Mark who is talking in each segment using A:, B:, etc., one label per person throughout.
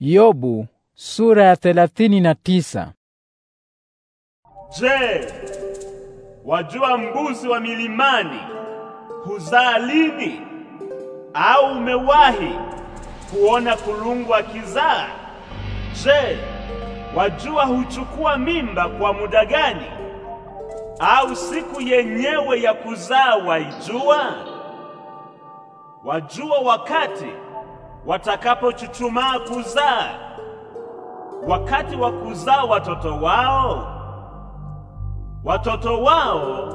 A: Yobu sura ya na tisa. Je, wajua mbuzi wa milimani huzaa lini? Au umewahi kuona kulungu akizaa? Je, wajua huchukua mimba kwa muda gani? Au siku yenyewe ya kuzaa waijua? Wajua wakati watakapochuchumaa kuzaa, wakati wa kuzaa watoto wao, watoto wao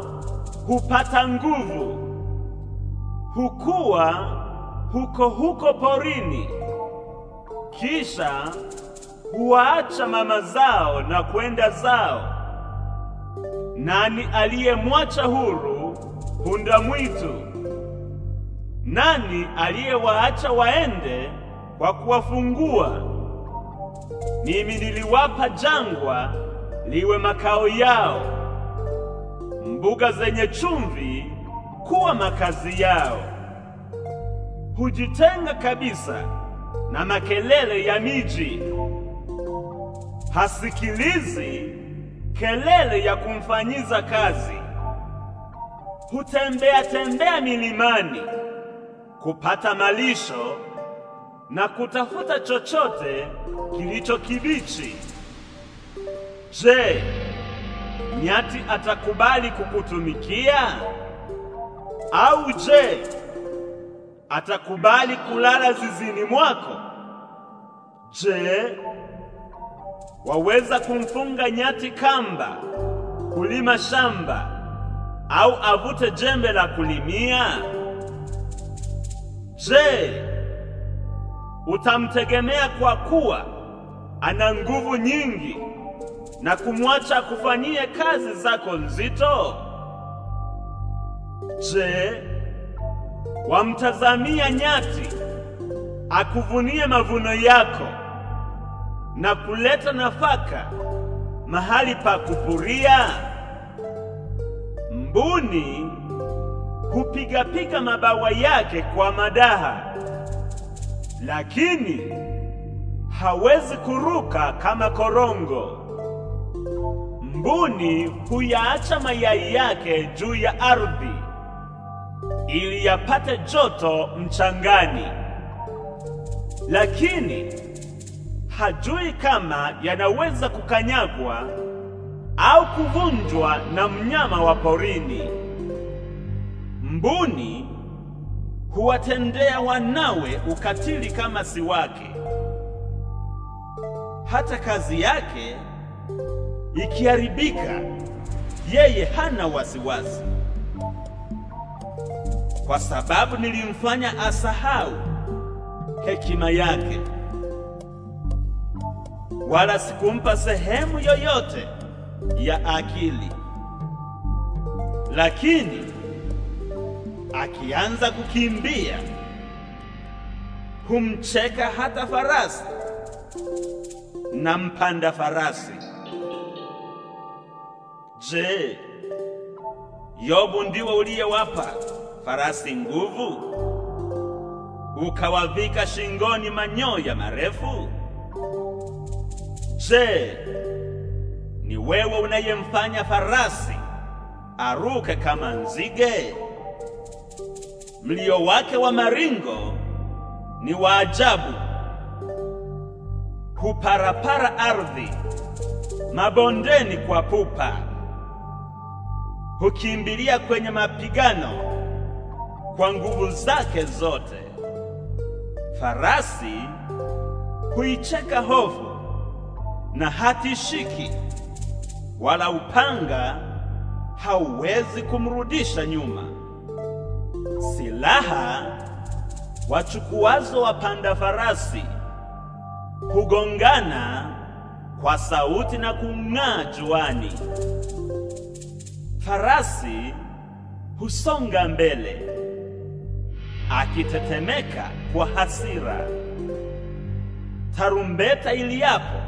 A: hupata nguvu, hukua huko huko porini, kisha huwaacha mama zao na kwenda zao. Nani aliyemwacha huru punda mwitu? Nani aliyewaacha waende kwa kuwafungua? Mimi niliwapa jangwa liwe makao yao, mbuga zenye chumvi kuwa makazi yao. Hujitenga kabisa na makelele ya miji, hasikilizi kelele ya kumfanyiza kazi. Hutembea tembea milimani kupata malisho na kutafuta chochote kilicho kibichi. Je, nyati atakubali kukutumikia? Au je, atakubali kulala zizini mwako? Je, waweza kumfunga nyati kamba kulima shamba au avute jembe la kulimia? Je, utamtegemea kwa kuwa ana nguvu nyingi na kumwacha akufanyie kazi zako nzito? Je, wamtazamia nyati akuvunie mavuno yako na kuleta nafaka mahali pa kupuria? Mbuni kupigapiga mabawa yake kwa madaha, lakini hawezi kuruka kama korongo. Mbuni huyaacha mayai yake juu ya ardhi ili yapate joto mchangani, lakini hajui kama yanaweza kukanyagwa au kuvunjwa na mnyama wa porini. Mbuni huwatendea wanawe ukatili kama si wake, hata kazi yake ikiharibika yeye hana wasiwasi, kwa sababu nilimfanya asahau hekima yake, wala sikumpa sehemu yoyote ya akili. Lakini akianza kukimbia humcheka hata farasi na mpanda farasi. Je, Yobu ndiwe uliyewapa farasi nguvu, ukawavika shingoni manyoya marefu? Je, ni wewe unayemfanya farasi aruke kama nzige? Mlio wake wa maringo ni wa ajabu, huparapara ardhi mabondeni kwa pupa, hukimbilia kwenye mapigano kwa nguvu zake zote. Farasi huicheka hofu na hatishiki, wala upanga hauwezi kumrudisha nyuma. Silaha wachukuazo wapanda farasi hugongana kwa sauti na kung'aa juani. Farasi husonga mbele akitetemeka kwa hasira. Tarumbeta iliapo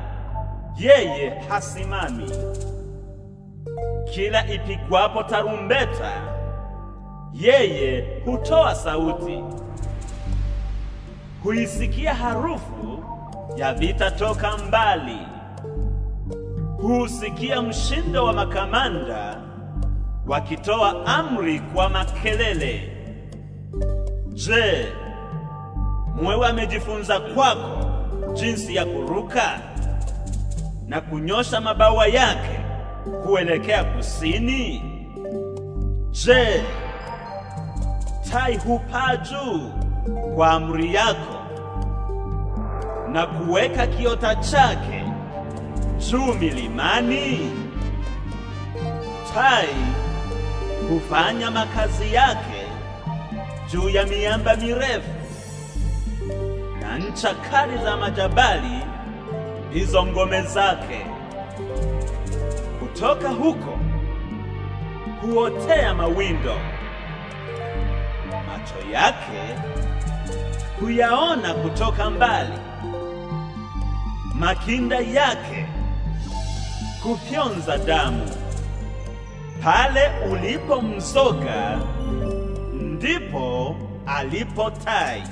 A: yeye hasimami. Kila ipigwapo tarumbeta yeye hutoa sauti, huisikia harufu ya vita toka mbali, huusikia mshindo wa makamanda wakitoa amri kwa makelele. Je, mwewe amejifunza kwako jinsi ya kuruka na kunyosha mabawa yake kuelekea kusini? Je, tai hupaa juu kwa amri yako, na kuweka kiota chake juu milimani. Tai hufanya makazi yake juu ya miamba mirefu na ncha kali za majabali ndizo ngome zake. Kutoka huko huotea mawindo macho yake huyaona kutoka mbali, makinda yake kufyonza damu. Pale ulipo ulipomzoga ndipo alipo tai.